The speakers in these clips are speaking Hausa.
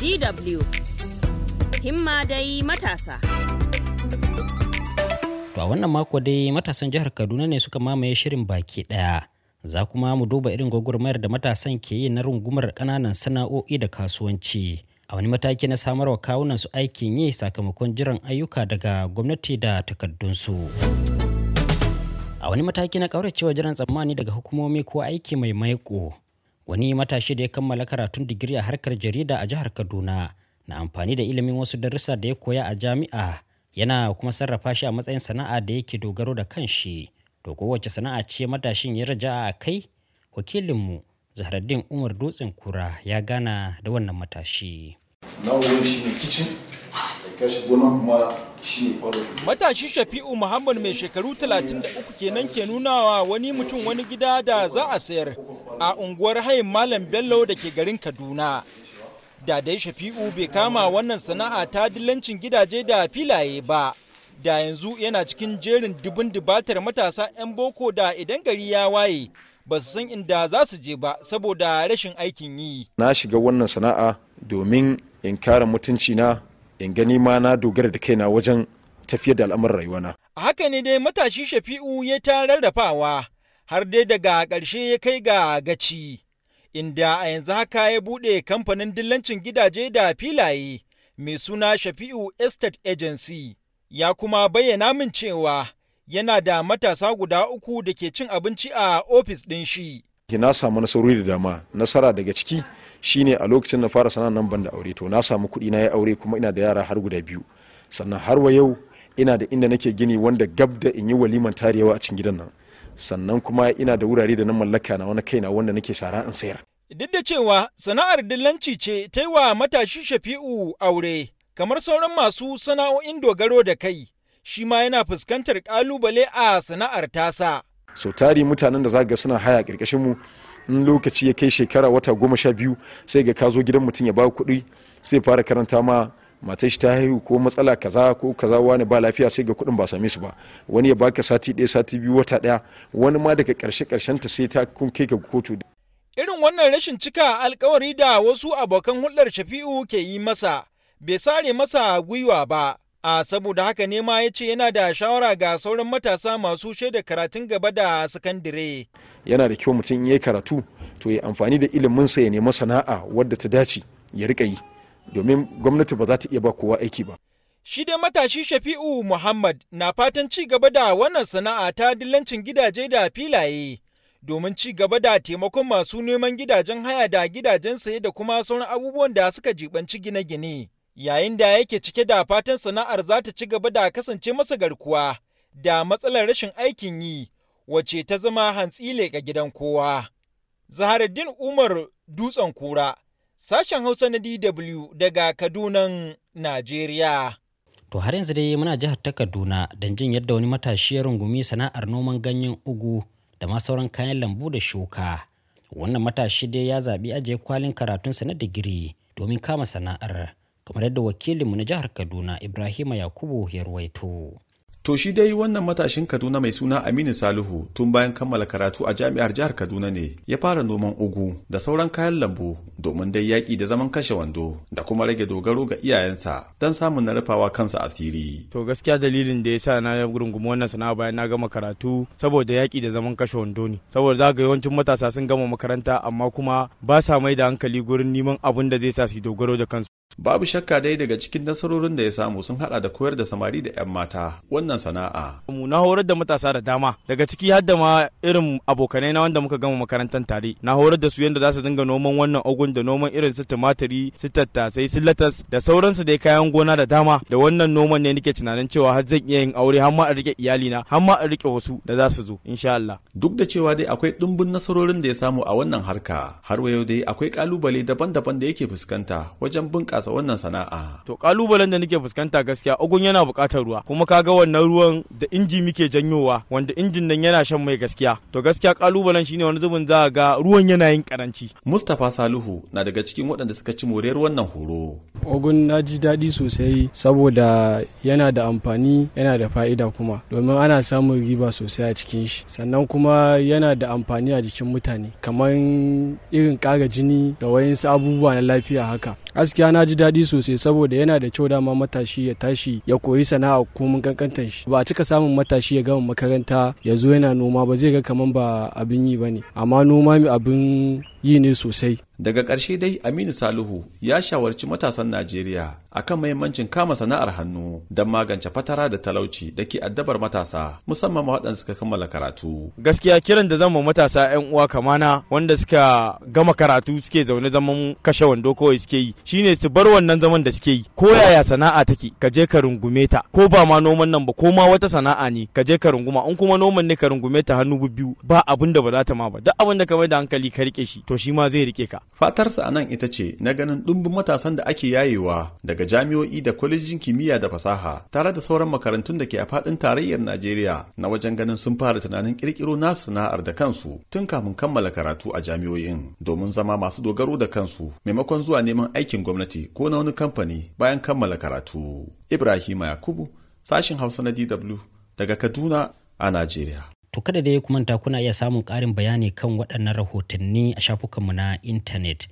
DW himma dai matasa. To a wannan mako dai matasan jihar Kaduna ne suka mamaye shirin baki ɗaya. Za kuma mu duba irin gwagwarmayar da matasan ke yi na rungumar ƙananan sana'o'i da kasuwanci. A wani mataki na samarwa kawunan su aikin yi sakamakon jiran ayyuka daga gwamnati da takardunsu. A wani mataki na cewa jiran tsammani daga hukumomi ko aiki mai maiko. wani matashi da ya kammala karatun digiri a harkar jarida a jihar kaduna na amfani da ilimin wasu darussa da ya koya a jami'a yana kuma sarrafa shi a matsayin sana'a da yake dogaro da kanshi to kowace sana'a ce matashin ya raja a kai wakilinmu zahraddin umar dutsen kura ya gana da wannan matashi Matashi Shafi'u Muhammad mai shekaru 33 kenan ke nunawa wani mutum wani gida da za a sayar a unguwar hayin Malam Bello da ke garin Kaduna. Da dai Shafi'u bai kama wannan sana'a ta dilancin gidaje da filaye ba. Da yanzu yana cikin jerin dubun dubatar matasa 'yan boko da idan gari ya waye ba su san inda za su je ba saboda rashin aikin yi. Na shiga wannan sana'a domin in kare mutunci na in gani ma na dogara da kaina wajen tafiya da al'amuran rayuwana. A haka ne dai matashi Shafi'u ya ta rarrafawa har dai daga ƙarshe ya kai ga gaci, inda a yanzu haka ya buɗe kamfanin dillancin gidaje da filaye mai suna Shafi'u Estate Agency. Ya kuma bayyana min cewa yana da matasa guda uku da ke cin abinci a ofis ɗin shi. Na samu nasarori da dama, nasara daga ciki shine a lokacin na fara sana'a nan ban da aure to na samu kuɗi na ya aure kuma ina da yara har guda biyu. Sannan har wa yau ina da inda nake gini wanda gab da in yi waliman tarewa a cikin gidan nan. sannan kuma ina da wurare da na mallaka na wani kaina wanda nake sara in sayar duk da cewa sana'ar dillanci ce ta yi wa matashi shafi'u aure kamar sauran masu sana'o'in dogaro da kai shi ma yana fuskantar kalubale a sana'ar tasa so tari mutanen da za ga suna haya ƙarƙashin mu in lokaci ya kai shekara wata goma sha biyu sai ga ka zo gidan mutum ya ba kuɗi sai fara karanta ma matar shi ta haihu ko matsala kaza ko kaza wani ba lafiya sai ga kudin ba same su ba wani ya baka sati ɗaya sati biyu wata ɗaya wani ma daga karshe karshen ta sai ta kun kai ga kotu irin wannan rashin cika alkawari da wasu abokan hulɗar shafi'u ke yi masa bai sare masa gwiwa ba a saboda haka ne ma ya ce yana da shawara ga sauran matasa masu shaida karatun gaba da sakandire yana da kyau mutum in ya karatu to ya amfani da iliminsa ya nemi sana'a wadda ta dace ya riƙa yi domin gwamnati ba za ta iya ba kowa aiki ba. Shi dai matashi Shafi'u Muhammad na fatan ci gaba da wannan sana'a ta dillancin gidaje da filaye domin ci gaba da taimakon masu neman gidajen haya da gidajen saye da kuma sauran abubuwan da suka jibanci gine-gine. Yayin da yake cike da fatan sana'ar za ta ci gaba da kasance masa garkuwa da matsalar rashin aikin yi wacce ta zama hantsi ga gidan kowa. Zaharuddin Umar Dutsen Kura Sashen Hausa na DW daga Kadunan, Najeriya. To har yanzu dai muna jihar ta Kaduna don jin yadda wani matashi ya rungumi sana'ar noman ganyen ugu da ma sauran kayan lambu da shuka. Wannan matashi dai ya zaɓi ajiye kwalin karatunsa na digiri domin kama sana'ar kamar yadda wakilinmu na jihar Kaduna Ibrahima Yakubu ya ruwaito. To shi dai wannan matashin Kaduna mai suna Aminu Salihu tun bayan kammala karatu a jami'ar jihar Kaduna ne ya fara noman ugu da sauran kayan lambu domin dai yaƙi da zaman kashe wando da kuma rage dogaro ga iyayensa don samun na rufawa kansa asiri. To gaskiya dalilin da ya sa na rungumi wannan sana'a bayan na gama karatu saboda yaƙi da zaman kashe wando ne. Saboda za ga yawancin matasa sun gama makaranta amma kuma ba sa mai da hankali gurin neman abun da zai sa su dogaro da kansu. Babu shakka dai daga cikin nasarorin da ya samu sun hada da koyar da samari da 'yan mata wannan sana'a. Mu na horar da matasa da dama daga ciki har da ma irin abokanai na wanda muka gama makarantar tare. Na horar da su yadda za su dinga noman wannan ogun da noman irin su tumatiri, su tattasai, su latas da sauransu dai kayan gona da dama. Da wannan noman ne nake tunanin cewa har zan iya yin aure har ma a rike iyalina har ma a rike wasu da za su zo insha Allah. Duk da cewa dai akwai ɗumbin nasarorin da ya samu a wannan harka har wayo dai akwai kalubale daban-daban da yake fuskanta wajen bunƙasa bunƙasa wannan sana'a to kalubalen da nake fuskanta gaskiya ogun yana buƙatar ruwa kuma kaga wannan ruwan da inji muke janyowa wanda injin nan yana shan mai gaskiya to gaskiya kalubalen shine wani zubin za ga ruwan yana yin karanci Mustapha Salihu na daga cikin waɗanda suka ci moriyar wannan horo ogun na ji daɗi sosai saboda yana da amfani yana da fa'ida kuma domin ana samun riba sosai a cikin shi sannan kuma yana da amfani a jikin mutane kamar irin ƙara jini da wayansu abubuwa na lafiya haka gaskiya na ji daɗi sosai saboda yana da kyau dama matashi ya tashi ya koyi sana'a ko mun kankantan shi ba a cika samun matashi ya gama makaranta ya zo yana noma ba zai ga kamar ba abin yi ba ne, amma noma mai abin yi ne sosai. Daga ƙarshe dai Aminu Salihu ya shawarci matasan Najeriya akan mahimmancin kama sana'ar hannu don magance fatara da talauci da ke addabar matasa musamman waɗanda suka kammala karatu. Gaskiya kiran da zama matasa 'yan uwa kamana wanda suka gama karatu suke zaune zaman kashe wando kawai suke yi shine su bar wannan zaman da suke yi ko yaya sana'a take ka je ka rungume ta ko ba ma noman nan ba ko ma wata sana'a ne ka je ka runguma in kuma noman ne ka rungume ta hannu biyu ba abin da ba za ta ma ba duk abin da ka mai da hankali ka rike shi to shi ma zai rike ka. Fatarsa a nan ita ce na ganin ɗumbin matasan da ake yayewa daga jami'o'i da kwalejin kimiyya da fasaha tare da sauran makarantun da ke a faɗin tarayyar Najeriya na wajen ganin sun fara tunanin ƙirƙiro na sana'ar da kansu tun kafin kammala karatu a jami'o'in domin zama masu dogaro da kansu maimakon zuwa neman aikin gwamnati ko na wani kamfani bayan kammala karatu. ibrahim Yakubu, sashin Hausa na DW daga Kaduna a Najeriya. To kada da ku manta kuna iya samun ƙarin bayani kan waɗannan rahotanni a shafukanmu na intanet.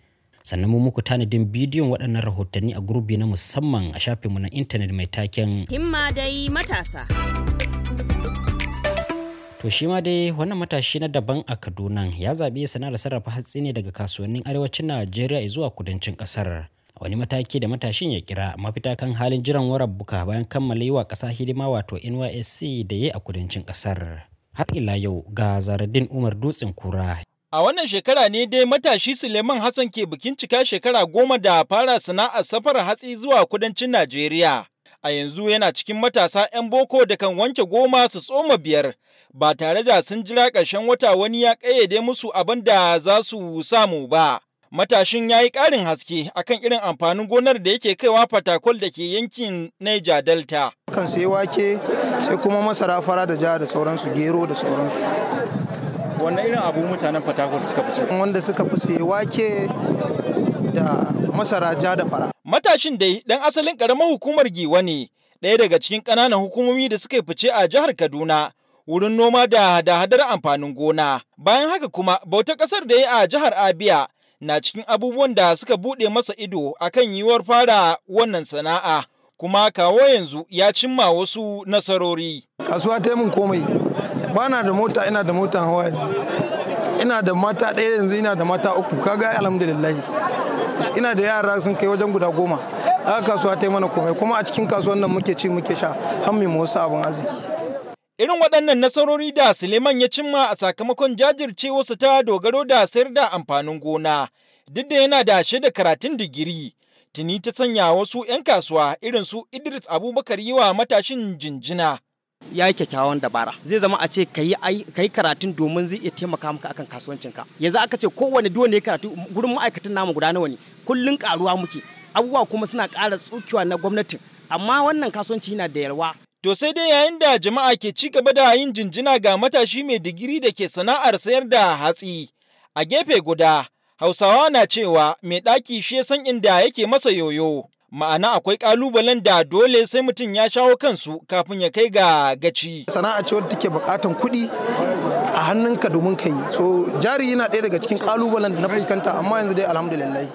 Sannan mu muku tanadin bidiyon waɗannan rahotanni a gurbi na musamman a shafinmu na intanet mai taken Himma dai matasa. To shi ma dai wannan matashi na daban a Kaduna ya zaɓi sana'ar sarrafa hatsi ne daga kasuwannin arewacin Najeriya zuwa kudancin ƙasar. wani mataki da matashin ya kira mafita kan halin jiran warar buka bayan kammala yi wa ƙasa hidima wato nysc da ya a kudancin ƙasar har ila yau ga zaradin umar dutsen kura A wannan shekara ne dai matashi Suleiman Hassan ke bikin cika shekara goma da fara sana'ar safar hatsi zuwa kudancin Najeriya. A yanzu yana cikin matasa 'yan boko da kan wanke goma su tsoma biyar ba tare da sun jira ƙarshen wata wani ya ƙayyade musu abin da za su samu ba. Matashin ya yi ƙarin haske akan irin amfanin gonar da yake kaiwa fatakol da ke yankin Niger Delta. Kan sai wake sai kuma masara fara da ja da sauransu gero da sauransu wannan irin abu mutanen fatakwal suka fi so wanda suka fi su wake da masara ja da fara matashin dai dan asalin karamar hukumar giwa ne ɗaya daga cikin ƙananan hukumomi da suka fice a jihar kaduna wurin noma da da hadar amfanin gona bayan haka kuma bautar ƙasar da ya a jihar abia na cikin abubuwan da suka buɗe masa ido akan yiwuwar fara wannan sana'a kuma kawo yanzu ya cimma wasu nasarori. Kasuwa ta min komai, ba na da mota ina da motan hawa ina da mata ɗaya yanzu ina da mata uku kaga alhamdulillahi ina da yara sun kai wajen guda goma haka kasuwa ta yi mana komai kuma a cikin kasuwan nan muke ci muke sha har mu wasu abin arziki. Irin waɗannan nasarori da Suleiman ya cimma a sakamakon jajircewarsa ta dogaro da sayar da amfanin gona, duk da yana da shaida karatun digiri, tuni ta sanya wasu 'yan kasuwa irin su Idris Abubakar yi wa matashin jinjina. ya yi kyakkyawan dabara zai zama a ce ka yi karatun domin zai iya taimaka maka akan kasuwancinka yanzu aka ce kowane dole ne karatu gurin ma'aikatan namu guda nawa ne Kullum karuwa muke abubuwa kuma suna ƙara tsukewa na gwamnati amma wannan kasuwanci yana da yalwa To sai dai yayin da jama'a ke ci gaba da yin jinjina ga matashi mai digiri da ke sana'ar sayar da hatsi a gefe guda Hausawa na cewa mai ɗaki shi ya san inda yake masa yoyo. ma'ana akwai kalubalen da dole sai mutum ya shawo kansu kafin ya kai ga gaci. Sana'a ce wadda take buƙatan kuɗi a hannunka domin ka yi. So jari yana ɗaya daga cikin ƙalubalen da na fuskanta amma yanzu dai alhamdulillah.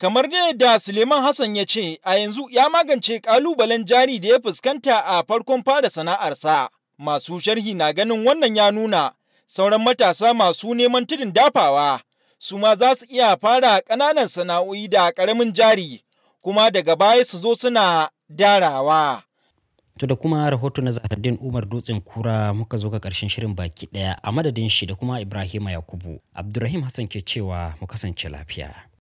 Kamar dai da Suleiman Hassan ya ce a yanzu ya magance ƙalubalen jari da ya fuskanta a farkon fara sana'arsa. Masu sharhi na ganin wannan ya nuna sauran matasa masu neman tudun dafawa su ma za su iya fara ƙananan sana'o'i da ƙaramin jari kuma daga baya su zo suna darawa. To da kuma rahoto na Zahardin Umar Dutsen Kura muka zo ga ƙarshen shirin baki ɗaya a madadin shi da kuma Ibrahima Yakubu. Abdulrahim Hassan ke cewa mu kasance lafiya.